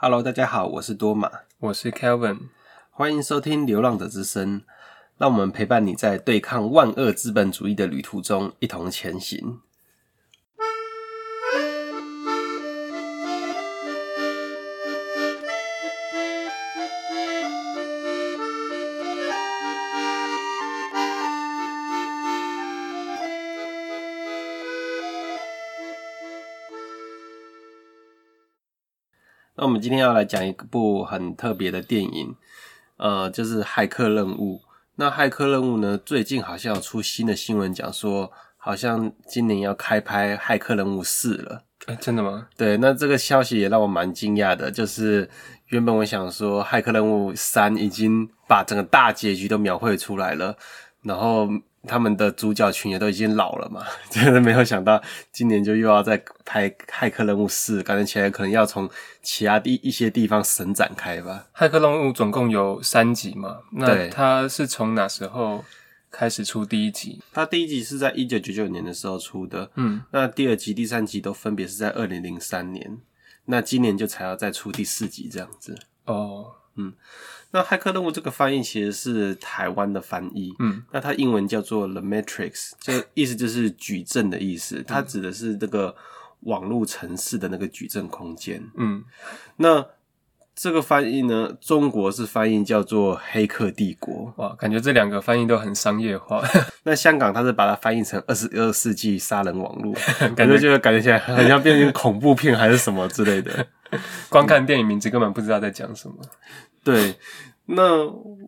哈嘍，Hello, 大家好，我是多瑪，我是 Kevin，歡迎收聽《流浪者之聲》，讓我們陪伴你在對抗萬惡資本主義的旅途中一同前行。那我們今天要來講一部很特別的電影，呃，就是《駭客任務》。那《駭客任務》呢，最近好像有出新的新聞，講說好像今年要開拍《駭客任務四》了。哎、欸，真的嗎？對，那這個消息也讓我蠻驚訝的，就是原本我想說，《駭客任務三》已經把整個大結局都描繪出來了，然後。他們的主角群也都已經老了嘛，真的沒有想到今年就又要再拍《駭客任務四》，感覺起來可能要從其他的一些地方神展開吧。《駭客任務》總共有三集嘛，那它是從哪時候開始出第一集？它第一集是在一九九九年的時候出的，嗯，那第二集、第三集都分別是在二零零三年，那今年就才要再出第四集這樣子。哦，嗯。那《駭客任務》這個翻譯其實是台灣的翻譯，嗯，那它英文叫做《The Matrix》，就意思就是矩陣的意思，嗯，它指的是這個網絡城市的那個矩陣空間，嗯，那這個翻譯呢，中國是翻譯叫做《黑客帝國》，哇，感覺這兩個翻譯都很商業化。 那香港它是把它翻譯成《二十二世紀殺人網絡》 感覺，感覺就感覺起來好像變成恐怖片還是什麼之類的， 光看電影名字根本不知道在講什麼。對，那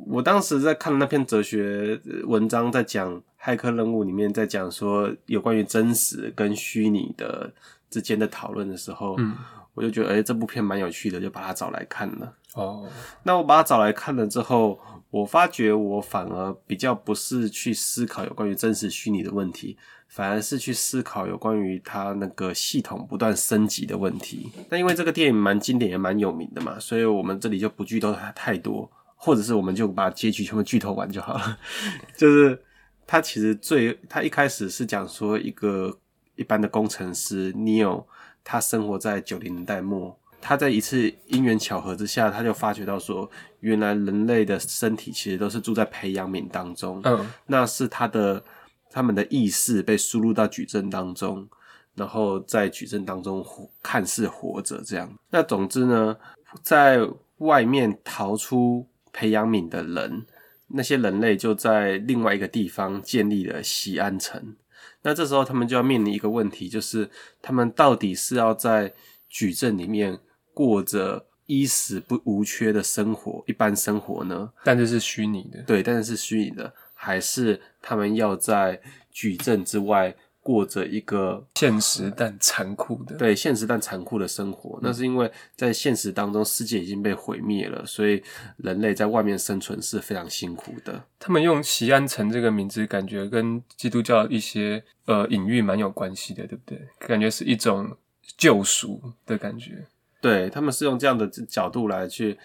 我當時在看那篇哲學文章，在講駭客任務裡面，在講說有關於真實跟虛擬的之間的討論的時候，嗯我就覺得哎、欸，這部片蠻有趣的，就把它找來看了。哦，oh. 那我把它找來看了之後，我發覺我反而比較不是去思考有關於真實虛擬的問題，反而是去思考有關於它那個系統不斷升級的問題。那因為這個電影蠻經典也蠻有名的嘛，所以我們這裡就不劇透它太多，或者是我們就把結局全部劇透完就好了。 就是它其實最，它一開始是講說一個一般的工程師 Neo。他生活在九零年代末，他在一次因緣巧合之下，他就發覺到說，原來人類的身體其實都是住在培養皿當中，嗯，那是他的他們的意識被輸入到矩陣當中，然後在矩陣當中活，看似活着這樣。那總之呢，在外面逃出培養皿的人，那些人類就在另外一個地方建立了錫安城。那這時候，他們就要面臨一個問題，就是他們到底是要在矩陣裡面過着衣食不無缺的生活，一般生活呢？但這是虛擬的，對，但這是虛擬的，還是他們要在矩陣之外？過着一個現實但殘酷的，對，現實但殘酷的生活。那、嗯、是因為在現實當中，世界已經被毀滅了，所以人類在外面生存是非常辛苦的。他們用“錫安城”這個名字，感覺跟基督教一些呃隱喻蠻有關係的，對不對？感覺是一種救贖的感覺。嗯、對，他們是用這樣的角度來去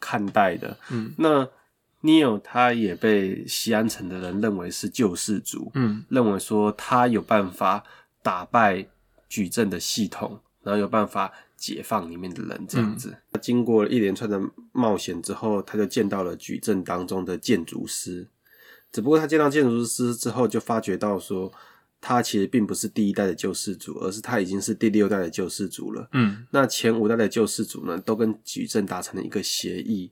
看待的。嗯，那。Neo，他也被錫安城的人認為是救世主，嗯，認為說他有辦法打敗矩陣的系統，然後有辦法解放裡面的人，這樣子。嗯，他經過一連串的冒險之後，他就見到了矩陣當中的建築師。只不過他見到建築師之後，就發覺到說，他其實並不是第一代的救世主，而是他已經是第六代的救世主了。嗯，那前五代的救世主呢，都跟矩陣達成了一個協議，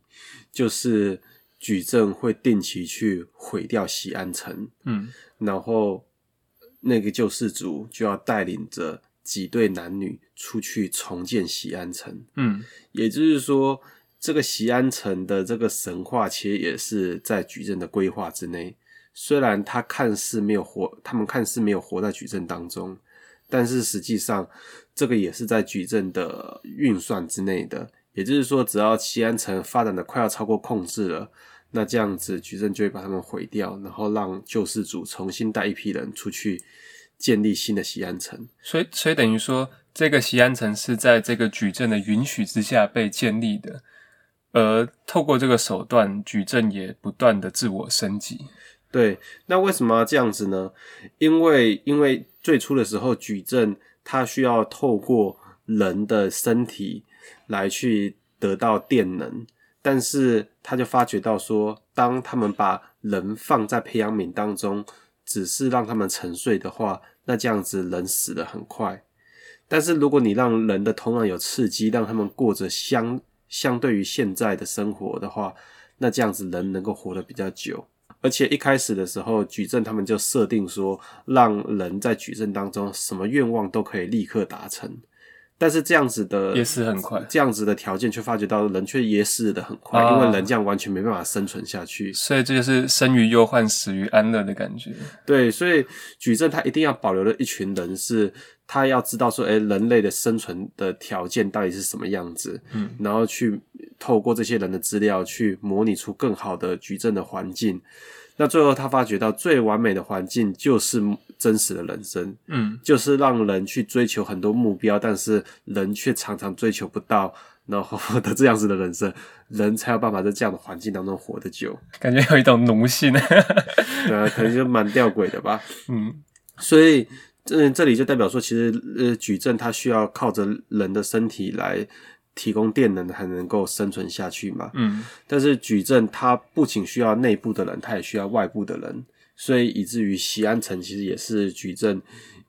就是。矩陣會定期去毀掉錫安城，嗯，然後那個救世主就要帶領着幾對男女出去重建錫安城，嗯，也就是說，這個錫安城的這個神話其實也是在矩陣的規劃之內。雖然他看似沒有活，他們看似沒有活在矩陣當中，但是實際上這個也是在矩陣的運算之內的。也就是說，只要錫安城發展的快要超過控制了，那這樣子矩陣就會把他們毀掉，然後讓救世主重新帶一批人出去建立新的錫安城。所以，所以等於說，這個錫安城是在這個矩陣的允許之下被建立的，而透過這個手段，矩陣也不斷的自我升級。對，那為什麼要這樣子呢？因為，因為最初的時候，矩陣它需要透過人的身體。來去得到電能，但是他就發覺到說，當他們把人放在培養皿當中，只是讓他們沉睡的話，那這樣子人死得很快。但是如果你讓人的頭腦有刺激，讓他們過着相相對於現在的生活的話，那這樣子人能夠活得比較久。而且一開始的時候，矩陣他們就設定說，讓人在矩陣當中，什麼願望都可以立刻達成。但是這樣子的，也是很快。這樣子的條件，卻發覺到人卻也死的很快，哦、因為人這樣完全沒辦法生存下去。所以這就是生於憂患，死於安樂的感覺。對，所以矩陣它一定要保留了一群人，是他要知道說，哎、欸，人類的生存的條件到底是什麼樣子？嗯，然後去透過這些人的資料，去模擬出更好的矩陣的環境。那最後，他發覺到最完美的環境就是真實的人生，嗯，就是讓人去追求很多目標，但是人卻常常追求不到，然後的這樣子的人生，人才有辦法在這樣的環境當中活得久，感覺有一種奴性，對、 呃，可能就蠻弔詭的吧，嗯，所以，嗯、呃，這裡就代表說，其實呃，矩陣它需要靠着人的身體來。提供電能還能夠生存下去嘛。嗯，但是矩陣它不僅需要內部的人，它也需要外部的人，所以以至於錫安城其實也是矩陣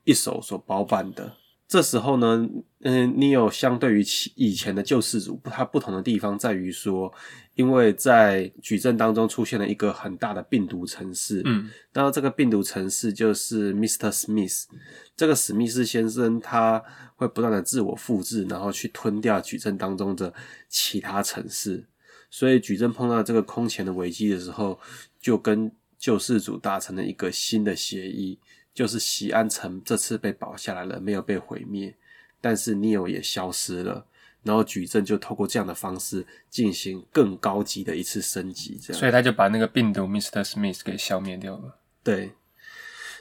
一手所包辦的。這時候呢，嗯，Neo 相對於以前的救世主，它不同的地方在於說，因為在矩陣當中出現了一個很大的病毒程式，嗯，那這個病毒程式就是 Mr. Smith，這個史密斯先生他會不斷的自我複製，然後去吞掉矩陣當中的其他程式，所以矩陣碰到這個空前的危機的時候，就跟救世主達成了一個新的協議。就是錫安城這次被保下來了，沒有被毀滅，但是 Neo 也消失了，然後矩陣就透過這樣的方式進行更高級的一次升級，這樣。所以他就把那個病毒 Mr. Smith 給消滅掉了。對。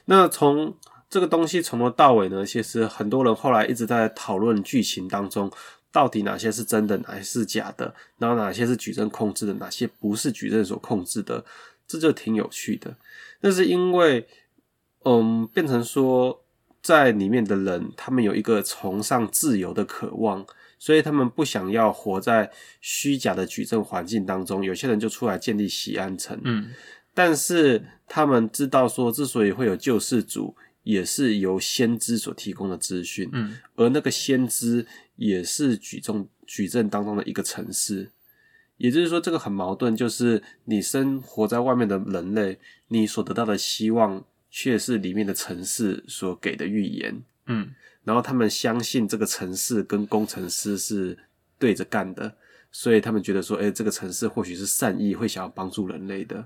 那從這個東西從頭到尾呢，其實很多人後來一直在討論劇情當中到底哪些是真的，哪些是假的，然後哪些是矩陣控制的，哪些不是矩陣所控制的，這就挺有趣的。那是因為。嗯，變成說在裡面的人，他們有一個崇尚自由的渴望，所以他們不想要活在虛假的矩陣環境當中。有些人就出來建立錫安城，嗯，但是他們知道說，之所以會有救世主，也是由先知所提供的資訊，嗯，而那個先知也是矩陣矩陣當中的一個城市，也就是說，這個很矛盾，就是你生活在外面的人類，你所得到的希望。卻是裡面的城市所給的預言，嗯，然後他們相信這個城市跟工程師是對着幹的，所以他們覺得說，哎，這個城市或許是善意，會想要幫助人類的。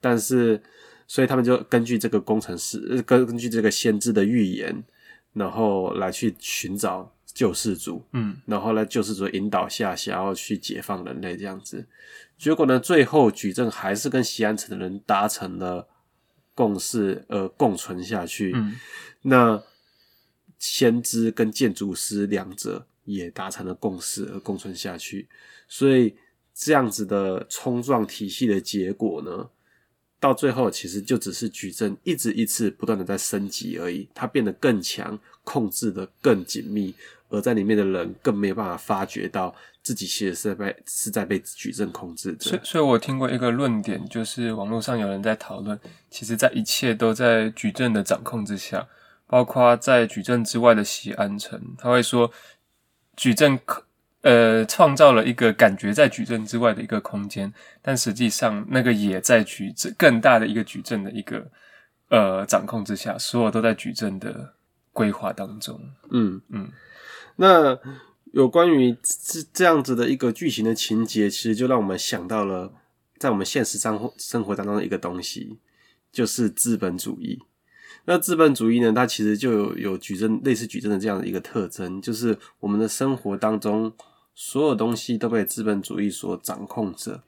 但是，所以他們就根據這個工程師，呃、根據這個先知的預言，然後來去尋找救世主，嗯，然後呢，救世主引導下想要去解放人類這樣子。結果呢，最後矩陣還是跟錫安城的人達成了。共識而共存下去，嗯、那先知跟建築師兩者也達成了共識而共存下去，所以這樣子的衝撞體系的結果呢，到最後其實就只是矩陣一直一次不斷的在升級而已，它變得更強，控制得更緊密，而在裡面的人更沒有辦法發覺到。自己寫的設備是在被矩陣控制的，所所以，所以我聽過一個論點，就是網絡上有人在討論，其實，在一切都在矩陣的掌控之下，包括在矩陣之外的錫安城，他會說，矩陣呃創造了一個感覺在矩陣之外的一個空間，但實際上那個也在矩陣更大的一個矩陣的一個呃掌控之下，所有都在矩陣的規劃當中。嗯嗯，嗯那。有關於這這樣子的一個劇情的情節，其實就讓我們想到了在我們現實生活生活當中的一個東西，就是資本主義。那資本主義呢，它其實就有有矩陣，類似矩陣的這樣的一個特徵，就是我們的生活當中所有東西都被資本主義所掌控着。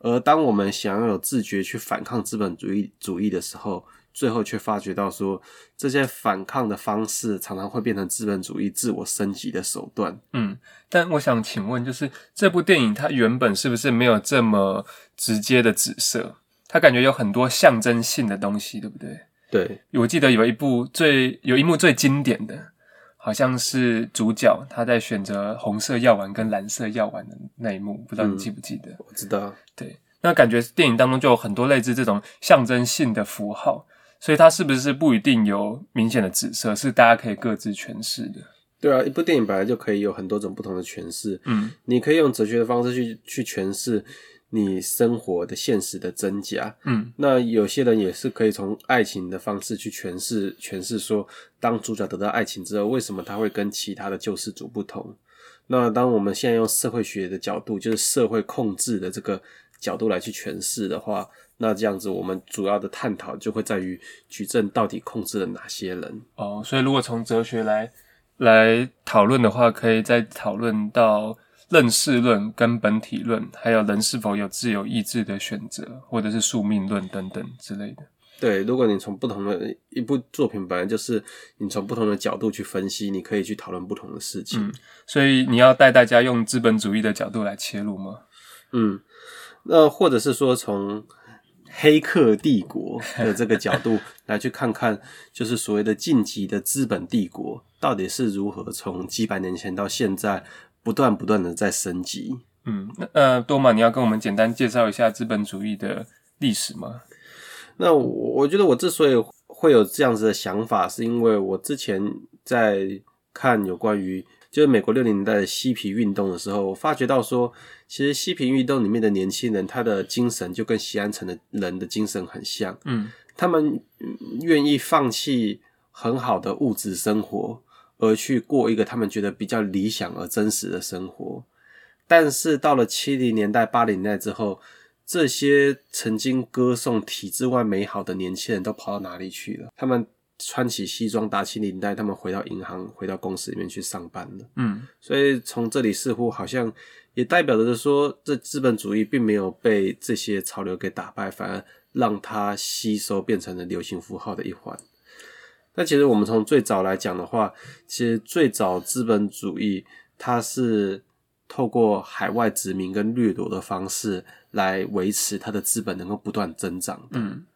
而當我們想要有自覺去反抗資本主義主義的時候，最後卻發覺到說，這些反抗的方式常常會變成資本主義自我升級的手段。嗯，但我想請問，就是這部電影它原本是不是沒有這麼直接的紫色？它感覺有很多象徵性的東西，對不對？對，我記得有一部最有一幕最經典的，好像是主角他在選擇紅色藥丸跟藍色藥丸的那一幕，嗯、不知道你記不記得？我知道，對，那感覺電影當中就有很多類似這種象徵性的符號。所以它是不是不一定有明顯的紫色？是大家可以各自詮釋的。對啊，一部電影本來就可以有很多種不同的詮釋。嗯，你可以用哲學的方式去去詮釋你生活的現實的真假。嗯，那有些人也是可以從愛情的方式去詮釋，詮釋說當主角得到愛情之後，為什麼他會跟其他的救世主不同？那當我們現在用社會學的角度，就是社會控制的這個角度來去詮釋的話。那這樣子，我們主要的探討就會在於矩陣到底控制了哪些人哦。所以，如果從哲學來來討論的話，可以再討論到認識論、跟本體論，還有人是否有自由意志的選擇，或者是宿命論等等之類的。對，如果你從不同的一部作品，本來就是你從不同的角度去分析，你可以去討論不同的事情。嗯，所以，你要帶大家用資本主義的角度來切入嗎？嗯，那或者是說從。黑客帝國的這個角度來去看看，就是所謂的進擊的資本帝國到底是如何從幾百年前到現在不斷不斷的在升級。嗯，那、呃、多瑪，你要跟我們簡單介紹一下資本主義的歷史嗎？那我我覺得我之所以會有這樣子的想法，是因為我之前在看有關於。就是美國六零年代的嬉皮運動的時候，我發覺到說，其實嬉皮運動裡面的年輕人，他的精神就跟錫安城的人的精神很像。嗯，他們願意放棄很好的物質生活，而去過一個他們覺得比較理想而真實的生活。但是到了七零年代、八零年代之後，這些曾經歌頌體制外美好的年輕人都跑到哪裡去了？他們。穿起西裝，打起領帶，他們回到銀行，回到公司裡面去上班了。嗯，所以從這裡似乎好像也代表着說，這資本主義並沒有被這些潮流給打敗，反而讓它吸收變成了流行符號的一環。那其實我們從最早來講的話，其實最早資本主義它是透過海外殖民跟掠奪的方式來維持它的資本能夠不斷增長的。嗯。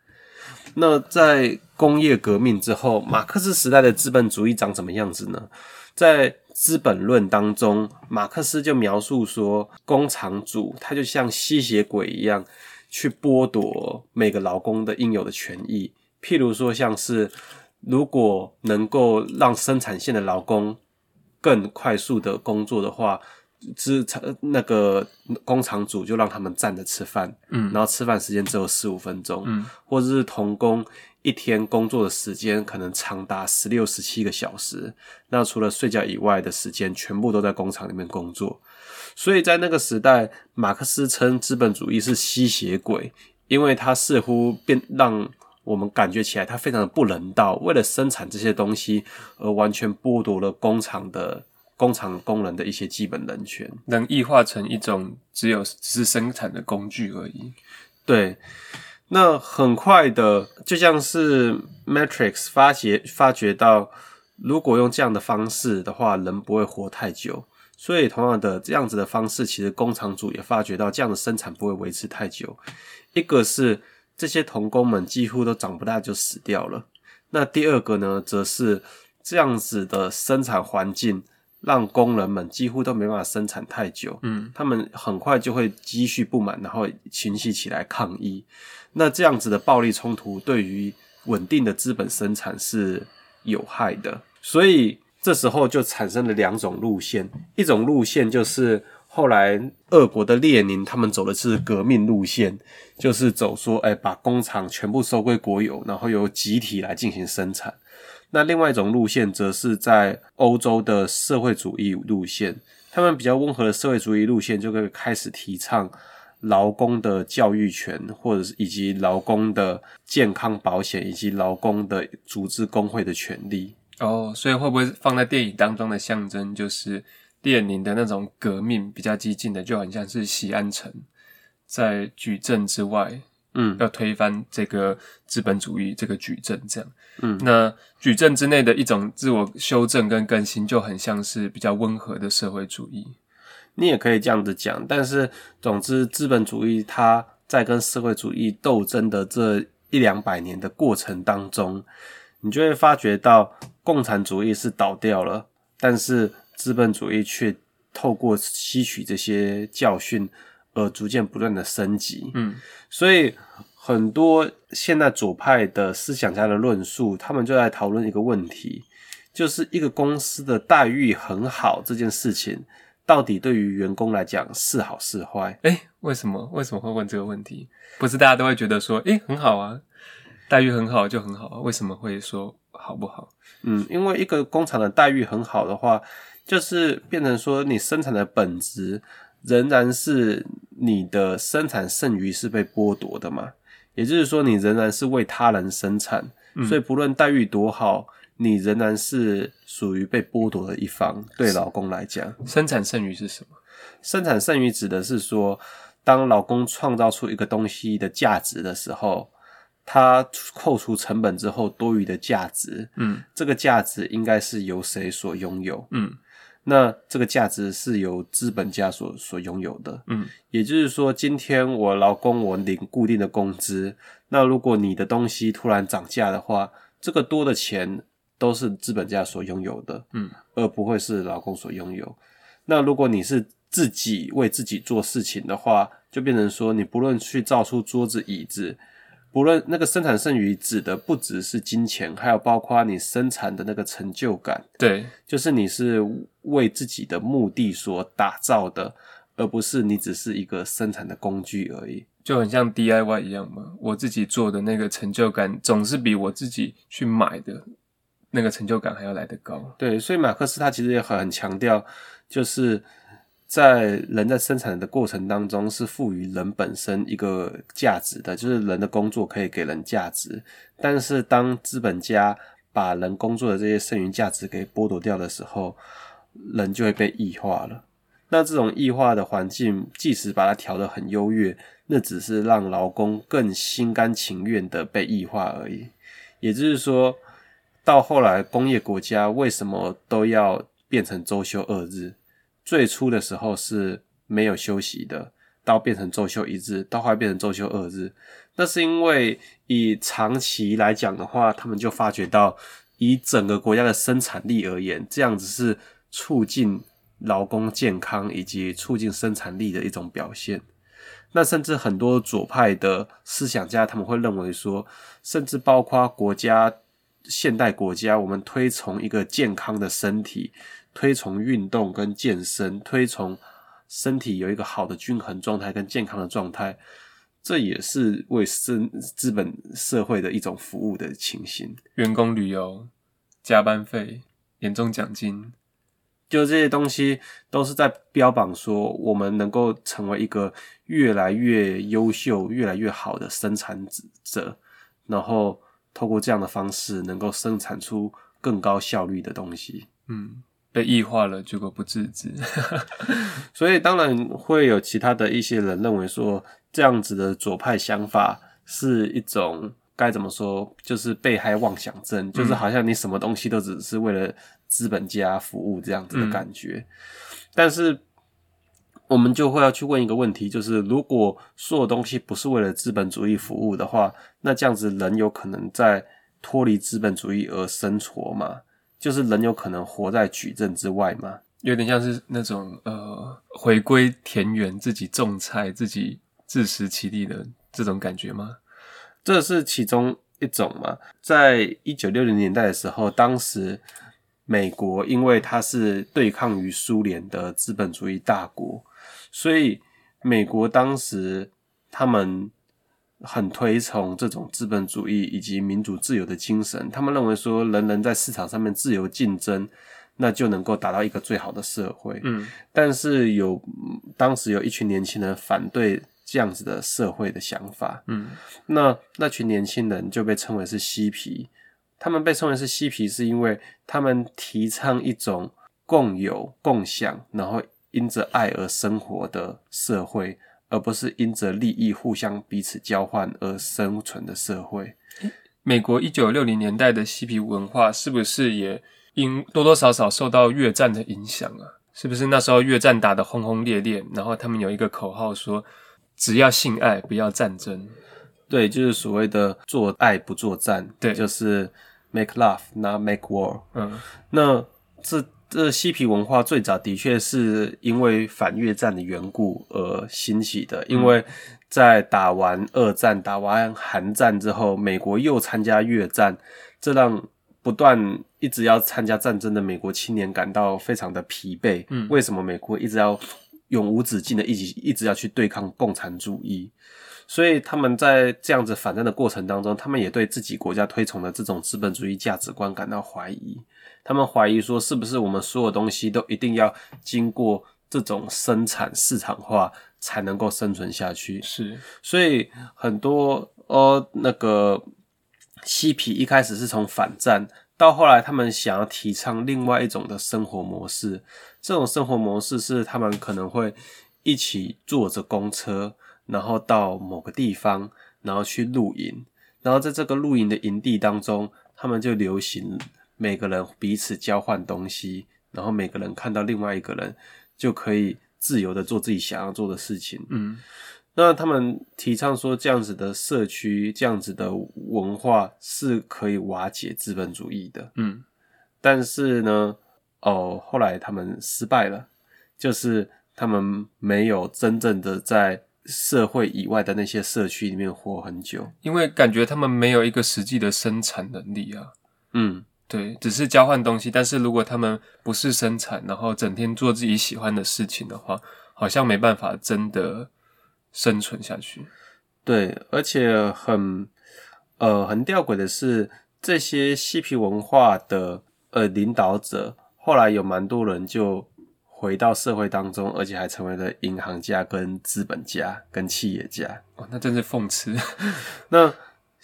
那在工業革命之後，馬克思時代的資本主義長什麼樣子呢？在《資本論》當中，馬克思就描述說，工廠主他就像吸血鬼一樣，去剝奪每個勞工的應有的權益。譬如說，像是如果能夠讓生產線的勞工更快速的工作的話。制，那個工廠主就讓他們站着吃飯，嗯，然後吃飯時間只有四五分鐘，嗯，或者是童工一天工作的時間可能長達十六、十七個小時，那除了睡覺以外的時間，全部都在工廠裡面工作。所以在那個時代，馬克思稱資本主義是吸血鬼，因為它似乎變讓我們感覺起來它非常的不人道，為了生產這些東西而完全剝奪了工廠的。工廠工人的一些基本人權，能異化成一種只有只是生產的工具而已。對，那很快的，就像是 Matrix 發掘發掘到，如果用這樣的方式的話，人不會活太久。所以同樣的，這樣子的方式，其實工廠主也發覺到，這樣的生產不會維持太久。一個是這些童工們幾乎都長不大就死掉了，那第二個呢，則是這樣子的生產環境。讓工人們幾乎都沒辦法生產太久，嗯，他們很快就會積蓄不滿，然後群起起來抗議。那這樣子的暴力衝突對於穩定的資本生產是有害的，所以這時候就產生了兩種路線。一種路線就是後來俄國的列寧他們走的是革命路線，就是走說，誒，哎，把工廠全部收歸國有，然後由集體來進行生產。那另外一種路線，則是在歐洲的社會主義路線，他們比較溫和的社會主義路線，就會開始提倡勞工的教育權，或者是以及勞工的健康保險，以及勞工的組織工會的權利。哦，所以會不會放在電影當中的象徵，就是列寧的那種革命比較激進的，就很像是錫安城在矩陣之外。嗯，要推翻這個資本主義這個矩陣，這樣，嗯，那矩陣之內的一種自我修正跟更新，就很像是比較溫和的社會主義。你也可以這樣子講，但是總之，資本主義它在跟社會主義鬥爭的這一兩百年的過程當中，你就會發覺到共產主義是倒掉了，但是資本主義卻透過吸取這些教訓，而逐漸不斷的升級，嗯，所以很多現在左派的思想家的論述，他們就在討論一個問題，就是一個公司的待遇很好這件事情，到底對於員工來講是好是壞？誒，為什麼？為什麼會問這個問題？不是大家都會覺得說，誒、欸，很好啊，待遇很好就很好，為什麼會說好不好？嗯，因為一個工廠的待遇很好的話，就是變成說你生產的本質。仍然是你的生產剩餘是被剝奪的嘛，也就是說，你仍然是為他人生產，嗯、所以不論待遇多好，你仍然是屬於被剝奪的一方。對老公來講，生產剩餘是什麼？生產剩餘指的是說，當老公創造出一個東西的價值的時候，他扣除成本之後多餘的價值。嗯，這個價值應該是由誰所擁有？嗯。那這個價值是由資本家所所擁有的，嗯，也就是說，今天我勞工我領固定的工資，那如果你的東西突然漲價的話，這個多的錢都是資本家所擁有的，嗯，而不會是勞工所擁有。那如果你是自己為自己做事情的話，就變成說你不論去造出桌子椅子。不論那個生產剩餘指的不只是金錢，還有包括你生產的那個成就感。對，就是你是為自己的目的所打造的，而不是你只是一個生產的工具而已。就很像 DIY 一樣嘛，我自己做的那個成就感，總是比我自己去買的那個成就感還要來得高。對，所以馬克思他其實也很很強調，就是。在人在生產的過程當中，是賦予人本身一個價值的，就是人的工作可以給人價值。但是，當資本家把人工作的這些剩餘價值給剝奪掉的時候，人就會被異化了。那這種異化的環境，即使把它調得很優越，那只是讓勞工更心甘情願地被異化而已。也就是說，到後來工業國家為什麼都要變成周休二日？最初的時候是沒有休息的，到變成周休一日，到後來變成周休二日。那是因為以長期來講的話，他們就發覺到，以整個國家的生產力而言，這樣子是促進勞工健康以及促進生產力的一種表現。那甚至很多左派的思想家，他們會認為說，甚至包括國家、現代國家，我們推崇一個健康的身體。推崇運動跟健身，推崇身體有一個好的均衡狀態跟健康的狀態，這也是為資資本社會的一種服務的情形。員工旅遊、加班費、年終獎金，就這些東西都是在標榜說，我們能夠成為一個越來越優秀、越來越好的生產者，然後透過這樣的方式能夠生產出更高效率的東西。嗯。被異化了，結果不自知， 所以當然會有其他的一些人認為說，這樣子的左派想法是一種該怎麼說，就是被害妄想症，嗯、就是好像你什麼東西都只是為了資本家服務這樣子的感覺。嗯、但是我們就會要去問一個問題，就是如果所有東西不是為了資本主義服務的話，那這樣子人有可能在脫離資本主義而生存嗎？就是人有可能活在矩陣之外嗎？有點像是那種呃，回歸田園，自己種菜，自己自食其力的這種感覺嗎？這是其中一種嘛。在一九六零年代的時候，當時美國因為它是對抗於蘇聯的資本主義大國，所以美國當時他們。很推崇這種資本主義以及民主自由的精神，他們認為說，人人在市場上面自由競爭，那就能夠達到一個最好的社會。嗯，但是有當時有一群年輕人反對這樣子的社會的想法，嗯，那那群年輕人就被稱為是嬉皮，他們被稱為是嬉皮，是因為他們提倡一種共有共享，然後因着愛而生活的社會。而不是因着利益互相彼此交換而生存的社會。美國一九六零年代的嬉皮文化是不是也因多多少少受到越戰的影響啊？是不是那時候越戰打得轟轟烈烈，然後他們有一個口號說：“只要性愛，不要戰爭。”對，就是所謂的“做愛不作戰”，對，就是 “make love not make war”。嗯，那這這嬉皮文化最早的確是因為反越戰的緣故而興起的，嗯，因為在打完二戰、打完韓戰之後，美國又參加越戰，這讓不斷一直要參加戰爭的美國青年感到非常的疲憊。嗯，為什麼美國一直要永無止境的一直一直要去對抗共產主義？所以他們在這樣子反戰的過程當中，他們也對自己國家推崇的這種資本主義價值觀感到懷疑。他們懷疑說，是不是我們所有東西都一定要經過這種生產市場化才能夠生存下去？是，所以很多呃、哦，那個嬉皮一開始是從反戰，到後來他們想要提倡另外一種的生活模式。這種生活模式是他們可能會一起坐着公車，然後到某個地方，然後去露營，然後在這個露營的營地當中，他們就流行。每個人彼此交換東西，然後每個人看到另外一個人，就可以自由的做自己想要做的事情。嗯，那他們提倡說這樣子的社區，這樣子的文化是可以瓦解資本主義的。嗯，但是呢，哦，後來他們失敗了，就是他們沒有真正的在社會以外的那些社區裡面活很久，因為感覺他們沒有一個實際的生產能力啊。嗯。對，只是交換東西。但是如果他們不是生產，然後整天做自己喜歡的事情的話，好像沒辦法真的生存下去。對，而且很呃很吊詭的是，這些嬉皮文化的呃領導者，後來有蠻多人就回到社會當中，而且還成為了銀行家、跟資本家、跟企業家。哦，那真是諷刺。 那。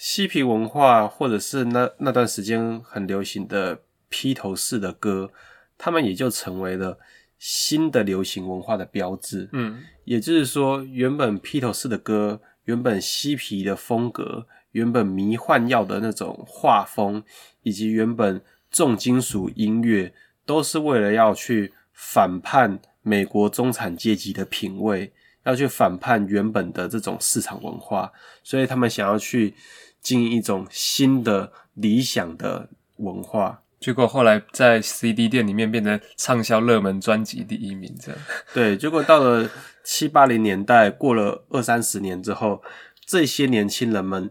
嬉皮文化，或者是那那段時間很流行的披頭士的歌，他們也就成為了新的流行文化的標誌。嗯，也就是說，原本披頭士的歌，原本嬉皮的風格，原本迷幻藥的那種畫風，以及原本重金屬音樂，都是為了要去反叛美國中產階級的品味，要去反叛原本的這種市場文化。所以他們想要去。經營一種新的理想的文化，結果後來在 CD 店裡面變成暢銷熱門專輯第一名。這樣， 對，結果到了七八零年代，過了二三十年之後，這些年輕人們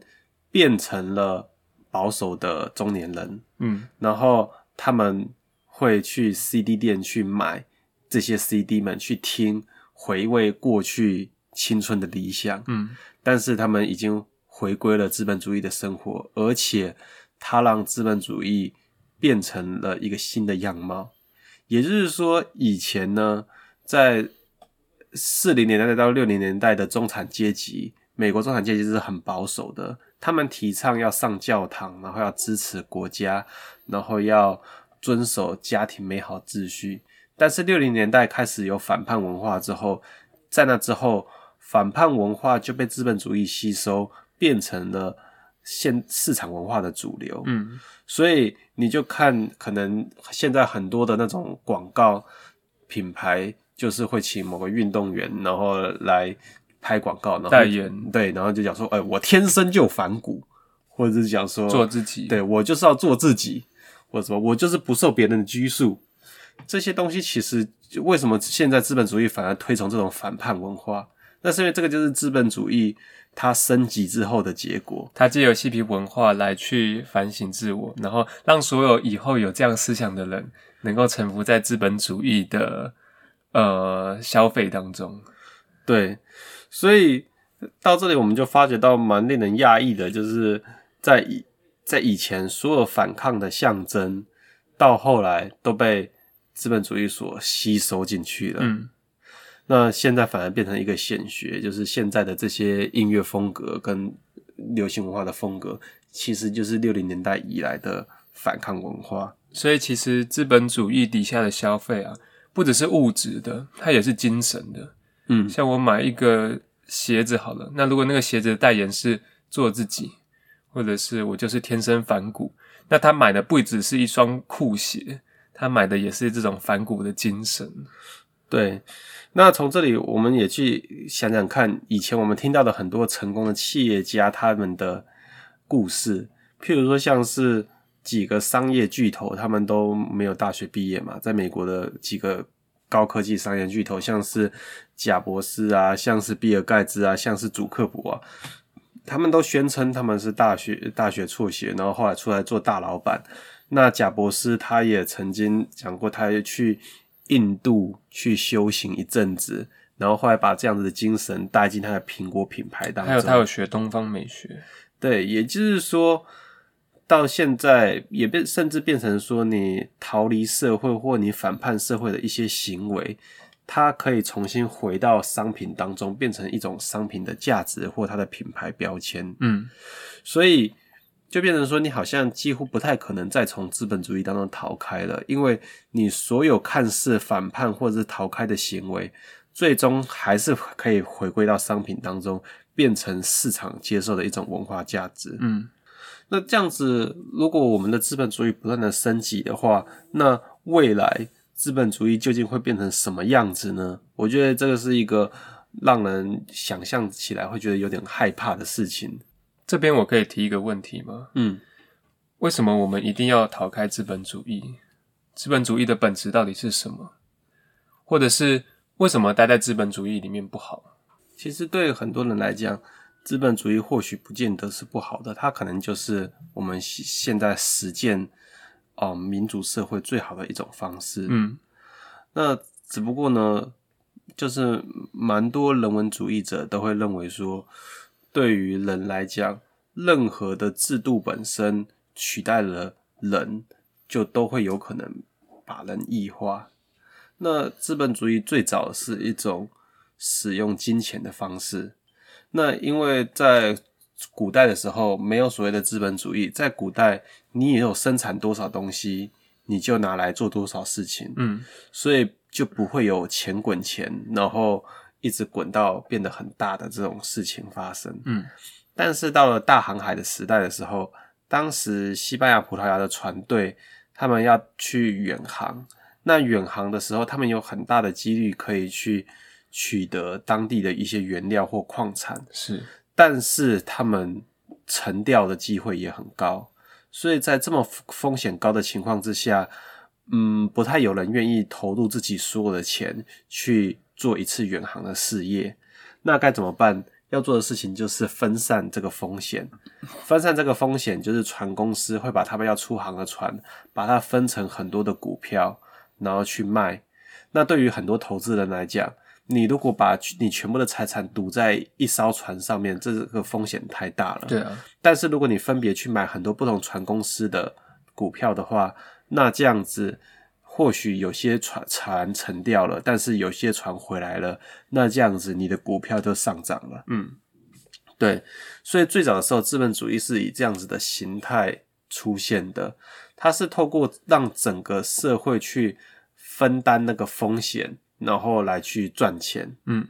變成了保守的中年人。嗯，然後他們會去 CD 店去買這些 CD 們去聽，回味過去青春的理想。嗯，但是他們已經。回歸了資本主義的生活，而且它讓資本主義變成了一個新的樣貌。也就是說，以前呢，在四零年代到六零年代的中產階級，美國中產階級是很保守的，他們提倡要上教堂，然後要支持國家，然後要遵守家庭美好秩序。但是六零年代開始有反叛文化之後，在那之後，反叛文化就被資本主義吸收。變成了現市場文化的主流，嗯，所以你就看，可能現在很多的那種廣告品牌，就是會請某個運動員，然後來拍廣告，然後代言。對，然後就講說，哎、欸，我天生就反骨，或者是講說做自己，對，我就是要做自己，或者什麼，我就是不受別人的拘束。這些東西其實為什麼現在資本主義反而推崇這種反叛文化？那是因為這個就是資本主義它升級之後的結果，它借由嬉皮文化來去反省自我，然後讓所有以後有這樣思想的人能夠臣服在資本主義的呃消費當中。對，所以到這裡我們就發覺到蠻令人訝異的，就是在以在以前所有反抗的象徵，到後來都被資本主義所吸收進去了。嗯。那現在反而變成一個顯學，就是現在的這些音樂風格跟流行文化的風格，其實就是六零年代以來的反抗文化。所以其實資本主義底下的消費啊，不只是物質的，它也是精神的。嗯，像我買一個鞋子好了，那如果那個鞋子的代言是做自己，或者是我就是天生反骨，那他買的不只是一雙酷鞋，他買的也是這種反骨的精神。對。那從這裡，我們也去想想看，以前我們聽到的很多成功的企業家他們的故事，譬如說像是幾個商業巨頭，他們都沒有大學畢業嘛，在美國的幾個高科技商業巨頭，像是賈伯斯啊，像是比爾蓋茨啊，像是祖克伯啊，他們都宣稱他們是大學大學輟學，然後後來出來做大老闆。那賈伯斯他也曾經講過，他也去。印度去修行一陣子，然後後來把這樣子的精神帶進他的蘋果品牌當中。還有他有學東方美學，對，也就是說，到現在也變，甚至變成說，你逃離社會或你反叛社會的一些行為，它可以重新回到商品當中，變成一種商品的價值或它的品牌標籤。嗯，所以。就變成說，你好像幾乎不太可能再從資本主義當中逃開了，因為你所有看似反叛或者是逃開的行為，最終還是可以回歸到商品當中，變成市場接受的一種文化價值。嗯，那這樣子，如果我們的資本主義不斷的升級的話，那未來資本主義究竟會變成什麼樣子呢？我覺得這個是一個讓人想象起來會覺得有點害怕的事情。這邊我可以提一個問題嗎？嗯，為什麼我們一定要逃開資本主義？資本主義的本質到底是什麼？或者是為什麼待在資本主義裡面不好？其實對很多人來講，資本主義或許不見得是不好的，它可能就是我們現在實踐哦、呃、民主社會最好的一種方式。嗯，那只不過呢，就是蠻多人文主義者都會認為說。對於人來講，任何的制度本身取代了人，就都會有可能把人異化。那資本主義最早是一種使用金錢的方式。那因為在古代的時候，沒有所謂的資本主義，在古代你也有生產多少東西，你就拿來做多少事情，嗯，所以就不會有錢滾錢，然後。一直滾到變得很大的這種事情發生，嗯，但是到了大航海的時代的時候，當時西班牙、葡萄牙的船隊，他們要去遠航，那遠航的時候，他們有很大的幾率可以去取得當地的一些原料或礦產，是，但是他們沉掉的機會也很高，所以在這麼風險高的情況之下，嗯，不太有人願意投入自己所有的錢去。做一次遠航的事業，那該怎麼辦？要做的事情就是分散這個風險。分散這個風險，就是船公司會把他們要出航的船，把它分成很多的股票，然後去賣。那對於很多投資人來講，你如果把你全部的財產賭在一艘船上面，這個風險太大了。對啊。但是如果你分別去買很多不同船公司的股票的話，那這樣子。或許有些船船沉掉了，但是有些船回來了，那這樣子你的股票就上漲了。嗯，對，所以最早的時候，資本主義是以這樣子的形態出現的，它是透過讓整個社會去分擔那個風險，然後來去賺錢。嗯，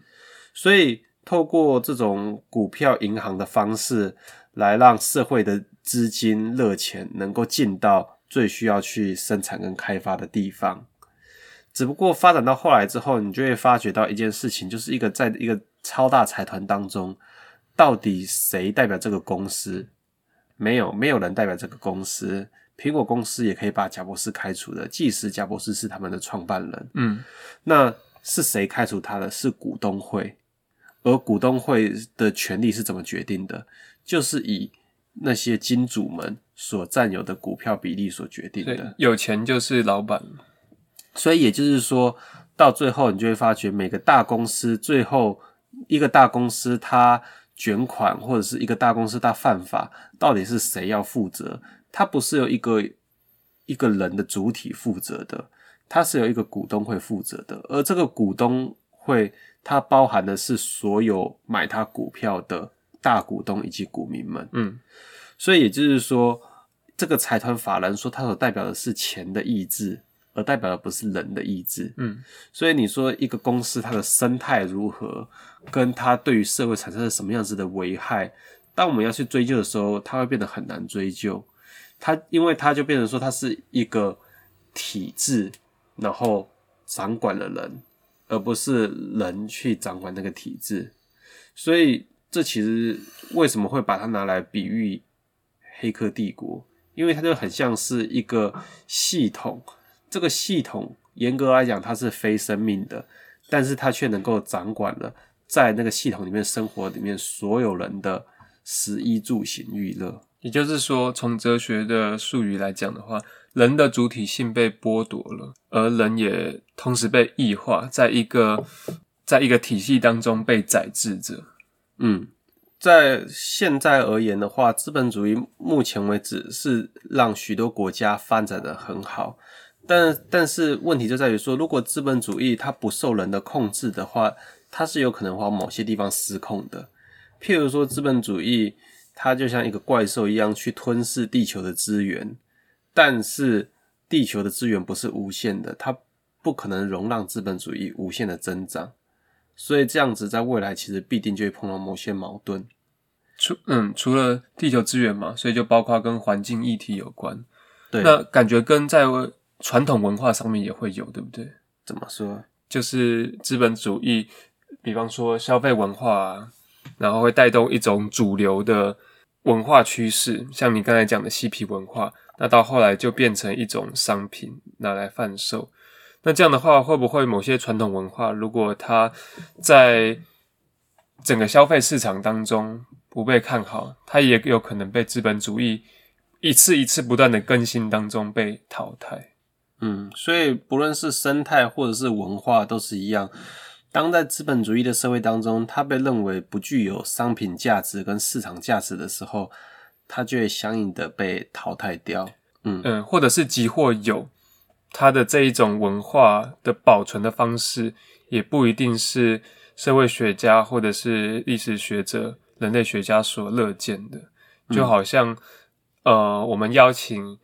所以透過這種股票銀行的方式，來讓社會的資金熱錢能夠進到。最需要去生產跟開發的地方，只不過發展到後來之後，你就會發覺到一件事情，就是一個在一個超大財團當中，到底誰代表這個公司？沒有，沒有人代表這個公司。蘋果公司也可以把賈伯斯開除的，即使賈伯斯是他們的創辦人。嗯，那是誰開除他的？是股東會，而股東會的權利是怎麼決定的？就是以。那些金主們所占有的股票比例所決定的，有錢就是老板，所以也就是說，到最後你就會發覺，每個大公司最後一個大公司它卷款，或者是一個大公司它犯法，到底是誰要負責？它不是由一個一個人的主體負責的，它是由一個股東會負責的，而這個股東會它包含的是所有買它股票的。大股東以及股民們，嗯，所以也就是說，這個財團法人說，它所代表的是錢的意志，而代表的不是人的意志，嗯，所以你說一個公司它的生態如何，跟它對於社會產生了什麼樣子的危害，當我們要去追究的時候，它會變得很難追究，它因為它就變成說，它是一個體制，然後掌管了人，而不是人去掌管那個體制，所以。這其實為什麼會把它拿來比喻《黑客帝國》？因為它就很像是一個系統。這個系統嚴格來講它是非生命的，但是它卻能夠掌管了在那個系統裡面生活裡面所有人的食衣住行娛樂。也就是說，從哲學的術語來講的話，人的主體性被剝奪了，而人也同時被異化，在一個在一個體系當中被宰制着。嗯，在現在而言的話，資本主義目前為止是讓許多國家發展的很好，但但是問題就在於說，如果資本主義它不受人的控制的話，它是有可能往某些地方失控的。譬如說，資本主義它就像一個怪獸一樣去吞噬地球的資源，但是地球的資源不是無限的，它不可能容讓資本主義無限的增長。所以這樣子在未來其實必定就會碰到某些矛盾，除嗯除了地球資源嘛，所以就包括跟環境議題有關，對了，那感覺跟在傳統文化上面也會有，對不對？怎麼說？就是資本主義，比方說消費文化啊，然後會帶動一種主流的文化趨勢，像你剛才講的嬉皮文化，那到後來就變成一種商品拿來販售。那這樣的話，會不會某些傳統文化，如果它在整個消費市場當中不被看好，它也有可能被資本主義一次一次不斷的更新當中被淘汰？嗯，所以不論是生態或者是文化，都是一樣。當在資本主義的社會當中，它被認為不具有商品價值跟市場價值的時候，它就會相應的被淘汰掉。嗯，嗯，或者是即或有。它的這一種文化的保存的方式，也不一定是社會學家或者是歷史學者、人類學家所樂見的。嗯、就好像，呃，我們邀請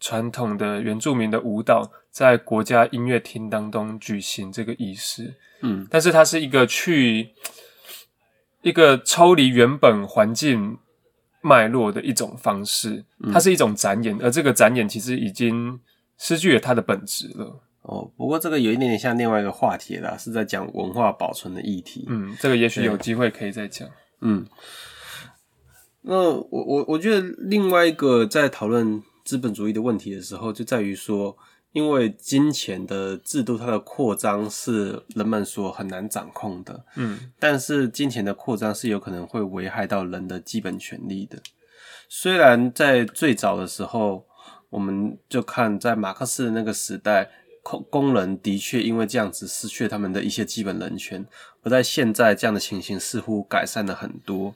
傳統的原住民的舞蹈在國家音樂廳當中舉行這個儀式，嗯，但是它是一個去一個抽離原本環境脈絡的一種方式，它是一種展演，嗯、而這個展演其實已經。失去了它的本質了。哦，不過這個有一點點像另外一個話題啦，是在講文化保存的議題。嗯，這個也許有機會可以再講。嗯，那我我我覺得另外一個在討論資本主義的問題的時候，就在於說，因為金錢的制度它的擴張是人們所很難掌控的。嗯，但是金錢的擴張是有可能會危害到人的基本權利的。雖然在最早的時候。我們就看在馬克思的那個時代，工工人的確因為這樣子失去他們的一些基本人權，而在現在這樣的情形似乎改善了很多。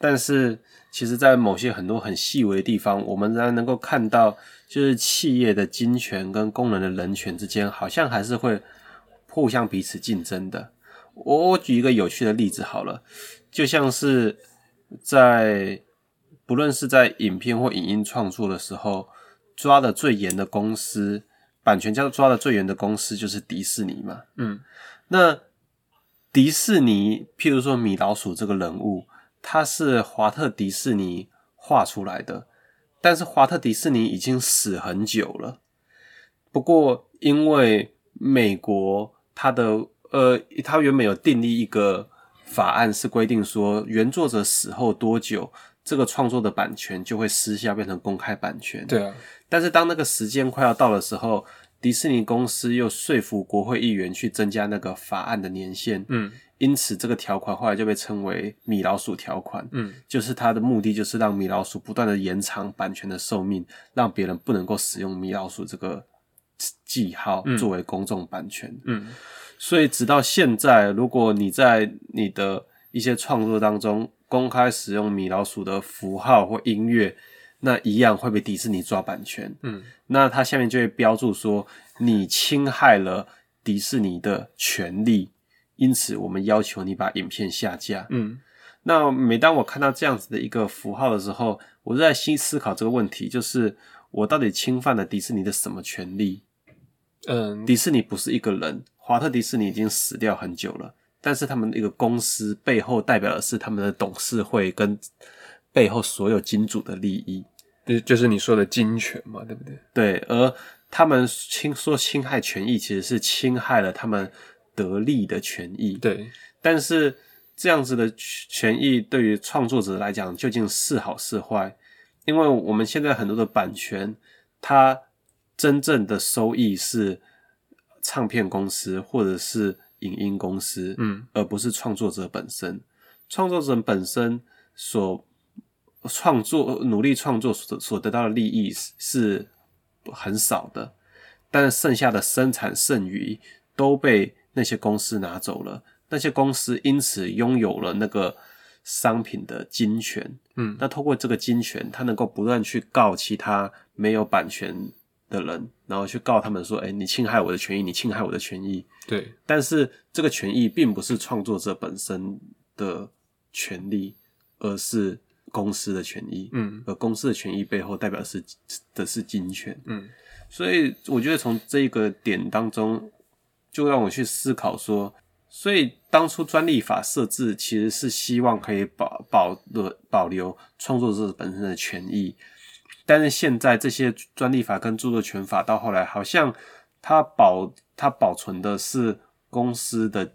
但是，其實，在某些很多很細微的地方，我們仍然能夠看到，就是企業的金權跟工人的人權之間，好像還是會互相彼此競爭的。我舉一個有趣的例子好了，就像是在不論是在影片或影音創作的時候。抓的最嚴的公司，版權家抓的最嚴的公司就是迪士尼嘛。嗯，那迪士尼，譬如說米老鼠這個人物，他是華特迪士尼畫出來的，但是華特迪士尼已經死很久了。不過，因為美國它的呃，它原本有訂立一個法案，是規定說原作者死後多久。這個創作的版權就會失效，變成公開版權。對啊，但是當那個時間快要到的時候，迪士尼公司又說服國會議員去增加那個法案的年限。嗯，因此這個條款後來就被稱為“米老鼠條款”。嗯，就是它的目的就是讓米老鼠不斷的延長版權的壽命，讓別人不能夠使用米老鼠這個記號作為公眾版權。嗯，嗯，所以直到現在，如果你在你的一些創作當中，公開使用米老鼠的符號或音樂，那一樣會被迪士尼抓版權。嗯，那它下面就會標註說你侵害了迪士尼的權利，因此我們要求你把影片下架。嗯，那每當我看到這樣子的一個符號的時候，我就在心思考這個問題，就是我到底侵犯了迪士尼的什麼權利？嗯，迪士尼不是一個人，華特迪士尼已經死掉很久了。但是他們一個公司背後代表的是他們的董事會跟背後所有金主的利益，就就是你說的金權嘛，對不對？對，而他們侵說侵害權益，其實是侵害了他們得利的權益。對，但是這樣子的權益對於創作者來講，究竟是好是壞？因為我們現在很多的版權，它真正的收益是唱片公司或者是。影音公司，嗯，而不是創作者本身，嗯，創作者本身所創作、努力創作所得到的利益是很少的，但剩下的生產剩餘都被那些公司拿走了，那些公司因此擁有了那個商品的金權，嗯，那通過這個金權，他能夠不斷去告其他沒有版權。的人，然後去告他們說：“哎，你侵害我的權益，你侵害我的權益。”對，但是這個權益並不是創作者本身的權利，而是公司的權益。嗯，而公司的權益背後代表的是的是金錢。嗯，所以我覺得從這個點當中，就讓我去思考說，所以當初專利法設置其實是希望可以保保的保，保留創作者本身的權益。但是現在這些專利法跟著作權法到後來好像，它保，它保存的是公司的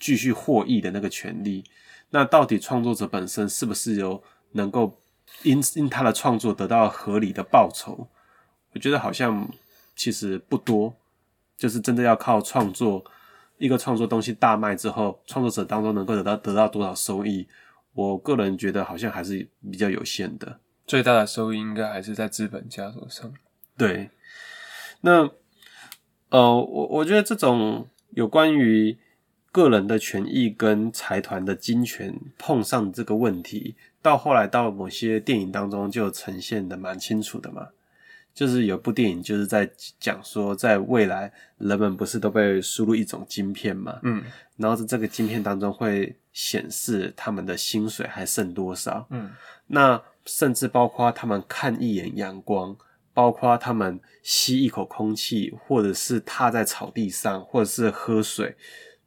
繼續獲益的那個權利。那到底創作者本身是不是有能夠因，因他的創作得到合理的報酬？我覺得好像其實不多，就是真的要靠創作，一個創作東西大賣之後，創作者當中能夠得到得到多少收益，我個人覺得好像還是比較有限的。最大的收益應該還是在資本家手上。對，那呃，我我覺得這種有關於個人的權益跟財團的金權碰上的這個問題，到後來到了某些電影當中就呈現得蠻清楚的嘛。就是有部電影就是在講說，在未來人們不是都被輸入一種晶片嘛，嗯，然後在這個晶片當中會顯示他們的薪水還剩多少，嗯，那。甚至包括他們看一眼陽光，包括他們吸一口空氣，或者是踏在草地上，或者是喝水，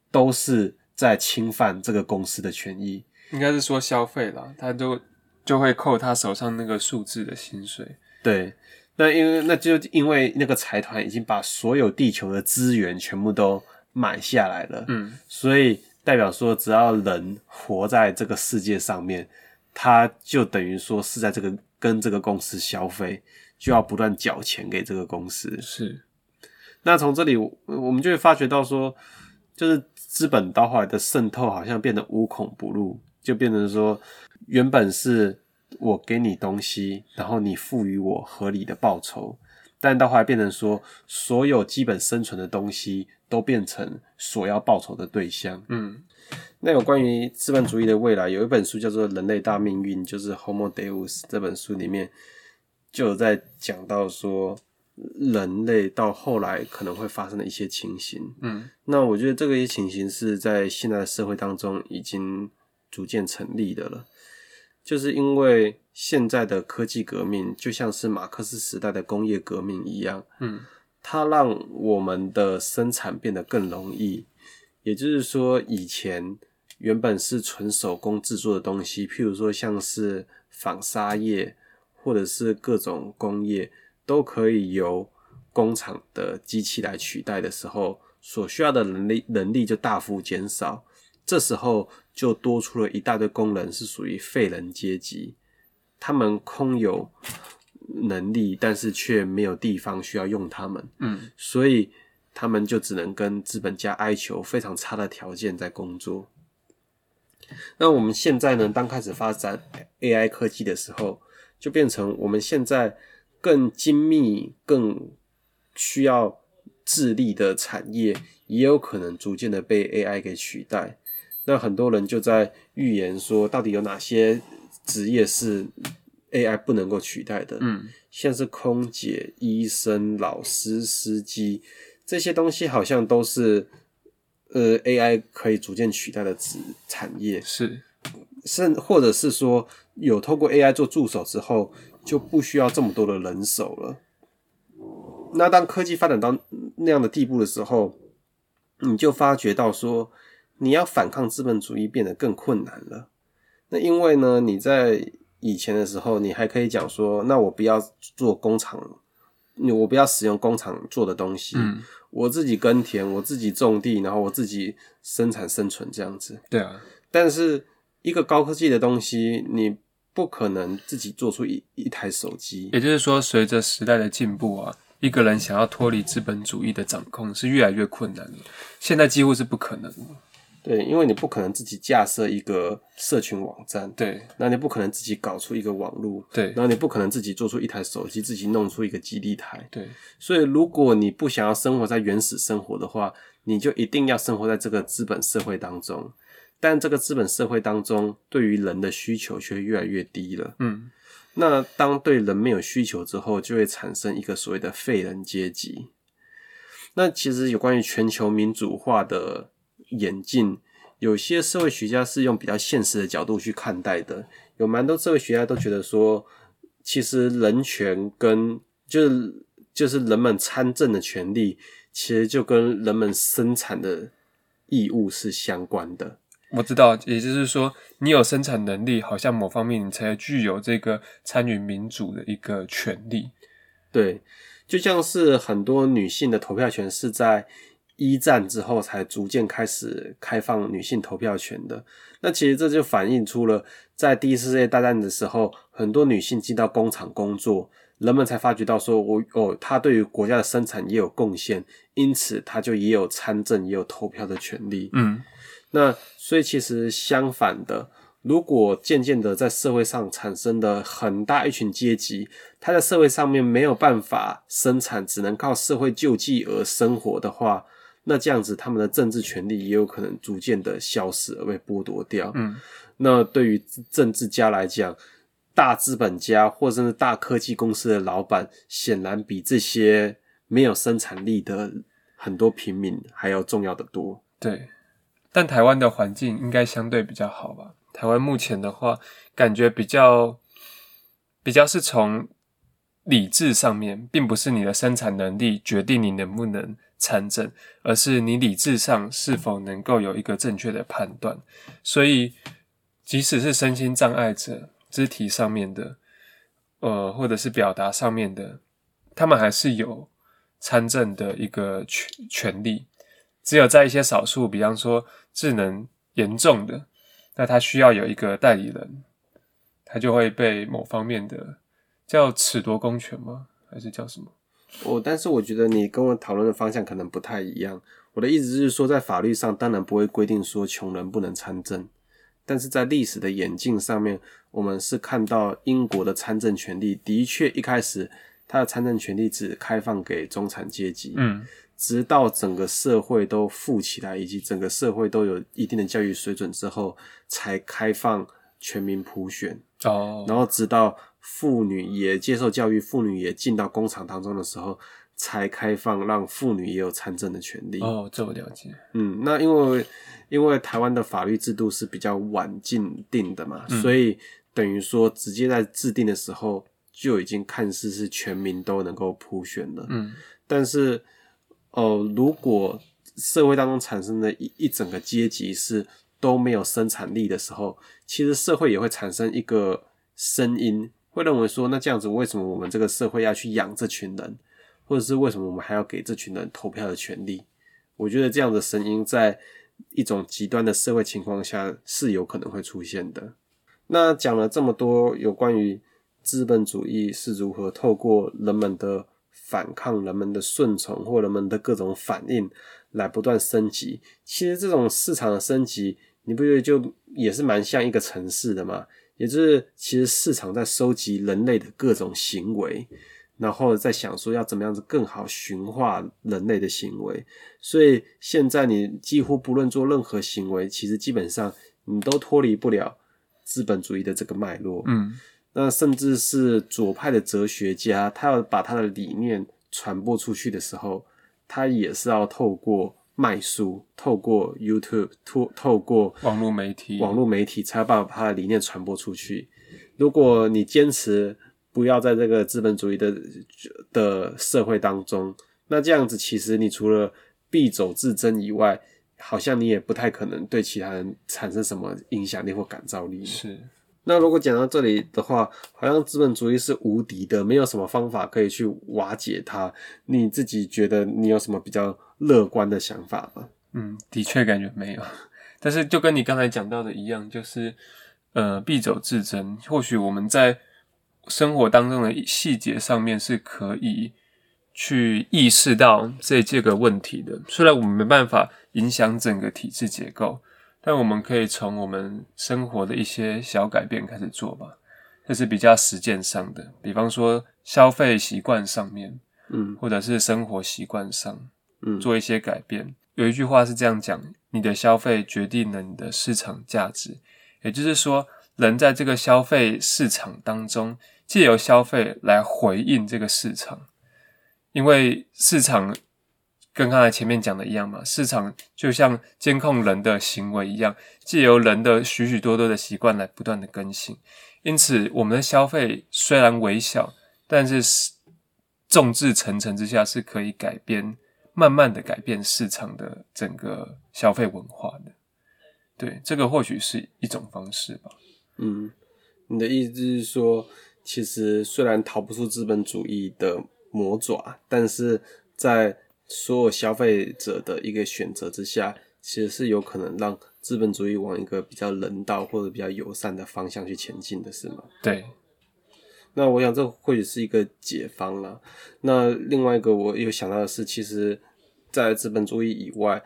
都是在侵犯這個公司的權益。應該是說消費了，他就就會扣他手上那個數字的薪水。對，那因為那就因為那個財團已經把所有地球的資源全部都買下來了，嗯，所以代表說，只要人活在這個世界上面，他就等於說是在這個跟這個公司消費，就要不斷繳錢給這個公司。是。那從這裡我們就會發覺到說，就是資本到後來的滲透好像變得無孔不入，就變成說，原本是我給你東西，然後你賦予我合理的報酬，但到後來變成說，所有基本生存的東西都變成索要報酬的對象。嗯。那有關於資本主義的未來，有一本書叫做《人類大命運》，就是《Homo Deus》這本書裡面就有在講到說人類到後來可能會發生的一些情形。嗯，那我覺得這個一些情形是在現在的社會當中已經逐漸成立的了，就是因為現在的科技革命就像是馬克思時代的工業革命一樣，嗯，它讓我們的生產變得更容易。也就是說，以前原本是純手工制作的東西，譬如說像是紡紗業，或者是各種工業，都可以由工廠的機器來取代的時候，所需要的人力能力就大幅減少。這時候就多出了一大堆工人，是屬於廢人階級，他們空有能力，但是卻沒有地方需要用他們。嗯，所以。他們就只能跟資本家哀求非常差的條件在工作。那我們現在呢？當開始發展 AI 科技的時候，就變成我們現在更精密、更需要智力的產業，也有可能逐漸的被 AI 給取代。那很多人就在預言說，到底有哪些職業是 AI 不能夠取代的？嗯，像是空姐、醫生、老師、司機。這些東西好像都是，呃，AI 可以逐漸取代的子產業，是甚，或者是說，有透過 AI 做助手之後，就不需要這麼多的人手了。那當科技發展到那樣的地步的時候，你就發覺到說，你要反抗資本主義變得更困難了。那因為呢，你在以前的時候，你還可以講說，那我不要做工廠，我不要使用工廠做的東西。嗯我自己耕田，我自己種地，然後我自己生產生存這樣子。對啊，但是一個高科技的東西，你不可能自己做出一一台手機。也就是說，隨着時代的進步啊，一個人想要脫離資本主義的掌控是越來越困難的，現在幾乎是不可能。對，因為你不可能自己架設一個社群網站，對，那你不可能自己搞出一個網絡，對，然後你不可能自己做出一台手機，自己弄出一個基地台，對。所以，如果你不想要生活在原始生活的話，你就一定要生活在這個資本社會當中。但這個資本社會當中，對於人的需求卻越來越低了。嗯，那當對人沒有需求之後，就會產生一個所謂的廢人階級。那其實有關於全球民主化的。演進，有些社會學家是用比較現實的角度去看待的。有蠻多社會學家都覺得說，其實人權跟，就是，就是人們參政的權利，其實就跟人們生產的義務是相關的。我知道，也就是說，你有生產能力，好像某方面你才具有這個參與民主的一個權利。對，就像是很多女性的投票權是在一戰之後才逐漸開始開放女性投票權的，那其實這就反映出了在第一次世界大戰的時候，很多女性進到工廠工作，人們才發覺到說，我哦，哦，她對於國家的生產也有貢獻，因此她就也有參政也有投票的權利。嗯，那所以其實相反的，如果漸漸的在社會上產生的很大一群階級，他在社會上面沒有辦法生產，只能靠社會救濟而生活的話。那這樣子，他們的政治權利也有可能逐漸的消失而被剝奪掉。嗯，那對於政治家來講，大資本家或者是大科技公司的老闆，顯然比這些沒有生產力的很多平民還要重要得多。對，但台灣的環境應該相對比較好吧？台灣目前的話，感覺比較比較是從理智上面，並不是你的生產能力決定你能不能參政，而是你理智上是否能夠有一個正確的判斷。所以，即使是身心障礙者，肢體上面的，呃，或者是表達上面的，他們還是有參政的一個權權利。只有在一些少數，比方說智能嚴重的，那他需要有一個代理人，他就會被某方面的，叫“褫奪公權”嗎？還是叫什麼？我，但是我覺得你跟我討論的方向可能不太一樣。我的意思是說，在法律上，當然不會規定說窮人不能參政，但是在歷史的演進上面，我們是看到英國的參政權利的確一開始它的參政權利只開放給中產階級，嗯，直到整個社會都富起來，以及整個社會都有一定的教育水準之後，才開放全民普選哦，然後直到。婦女也接受教育，婦女也進到工廠當中的時候，才開放讓婦女也有參政的權利。哦，這我了解。嗯，那因為因為台灣的法律制度是比較晚進定的嘛，嗯、所以等於說直接在制定的時候就已經看似是全民都能夠普選了。嗯，但是哦、呃，如果社會當中產生的一一整個階級是都沒有生產力的時候，其實社會也會產生一個聲音。會認為說，那這樣子，為什麼我們這個社會要去養這群人，或者是為什麼我們還要給這群人投票的權利？我覺得這樣的聲音，在一種極端的社會情況下是有可能會出現的。那講了這麼多有關於資本主義是如何透過人們的反抗、人們的順從或人們的各種反應來不斷升級，其實這種市場的升級，你不覺得就也是蠻像一個城市的嗎？也就是，其實市場在收集人類的各種行為，然後在想說要怎麼樣子更好馴化人類的行為。所以現在你幾乎不論做任何行為，其實基本上你都脫離不了資本主義的這個脈絡。嗯，那甚至是左派的哲學家，他要把他的理念傳播出去的時候，他也是要透過。賣書，透過 YouTube，透透過網絡媒體，網絡媒體才把它的理念傳播出去。如果你堅持不要在這個資本主義的的社會當中，那這樣子其實你除了敝帚自珍以外，好像你也不太可能對其他人產生什麼影響力或感召力。是。那如果講到這裡的話，好像資本主義是無敵的，沒有什麼方法可以去瓦解它。你自己覺得你有什麼比較？樂觀的想法吧？嗯，的確感覺沒有。但是就跟你剛才講到的一樣，就是呃，必走至真。或許我們在生活當中的細節上面是可以去意識到這這個問題的。雖然我們沒辦法影響整個體制結構，但我們可以從我們生活的一些小改變開始做吧。這是比較實踐上的，比方說消費習慣上面，嗯，或者是生活習慣上。做一些改變。有一句話是這樣講：“你的消費決定了你的市場價值。”也就是說，人在這個消費市場當中，借由消費來回應這個市場。因為市場跟剛才前面講的一樣嘛，市場就像監控人的行為一樣，借由人的許許多多的習慣來不斷的更新。因此，我們的消費雖然微小，但是眾志成城之下是可以改變。慢慢的改變市場的整個消費文化的。對，這個或許是一種方式吧。嗯，你的意思就是說，其實雖然逃不出資本主義的魔爪，但是在所有消費者的一個選擇之下，其實是有可能讓資本主義往一個比較人道或者比較友善的方向去前進的，是嗎？對。那我想這或許是一個解方了。那另外一個我有想到的是，其實。在資本主義以外，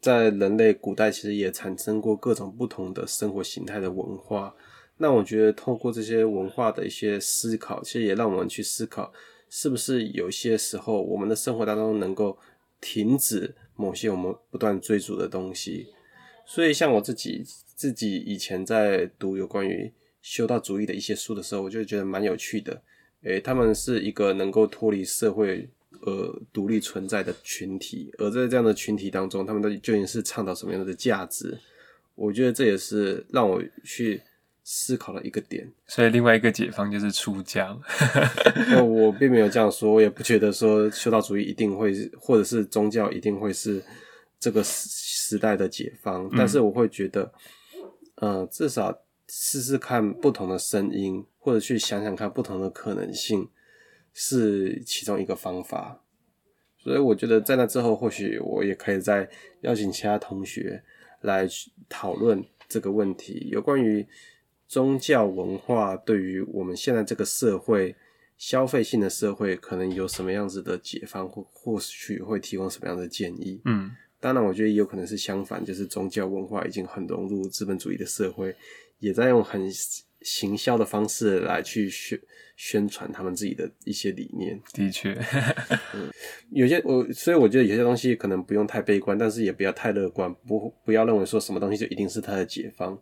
在人類古代其實也產生過各種不同的生活形態的文化。那我覺得，透過這些文化的一些思考，其實也讓我們去思考，是不是有些時候我們的生活當中能夠停止某些我們不斷追逐的東西。所以，像我自己自己以前在讀有關於修道主義的一些書的時候，我就覺得蠻有趣的。欸，他們是一個能夠脫離社會。呃，獨立存在的群體，而在這樣的群體當中，他們到底究竟是倡導什麼樣的價值？我覺得這也是讓我去思考的一個點。所以，另外一個解放就是出家。 我並沒有這樣說，我也不覺得說，修道主義一定會或者是宗教一定會是這個時時代的解放。嗯、但是，我會覺得，呃，至少試試看不同的聲音，或者去想想看不同的可能性。是其中一個方法，所以我覺得在那之後，或許我也可以再邀請其他同學來討論這個問題，有關於宗教文化對於我們現在這個社會消費性的社會，可能有什麼樣子的解放，或或許會提供什麼樣的建議。嗯，當然，我覺得也有可能是相反，就是宗教文化已經很融入資本主義的社會，也在用很。行銷的方式來去宣宣傳他們自己的一些理念，的確確、 嗯，有些我所以我覺得有些東西可能不用太悲觀，但是也不要太樂觀，不不要認為說什麼東西就一定是它的解方，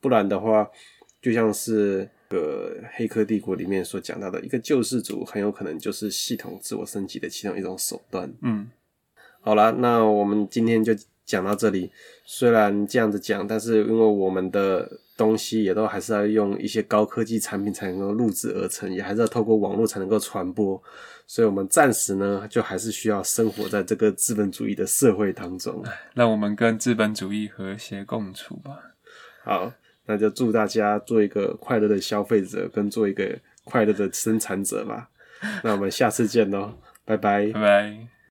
不然的話，就像是個《黑客帝國》裡面所講到的，一個救世主很有可能就是系統自我升級的其中一種手段。嗯，好啦，那我們今天就。講到這裡，雖然這樣子講，但是因為我們的東西也都還是要用一些高科技產品才能夠錄制而成，也還是要透過網絡才能夠傳播，所以我們暫時呢，就還是需要生活在這個資本主義的社會當中。讓我們跟資本主義和諧共處吧。好，那就祝大家做一個快樂的消費者，跟做一個快樂的生產者吧。 那我們下次見嘍，拜拜，拜拜。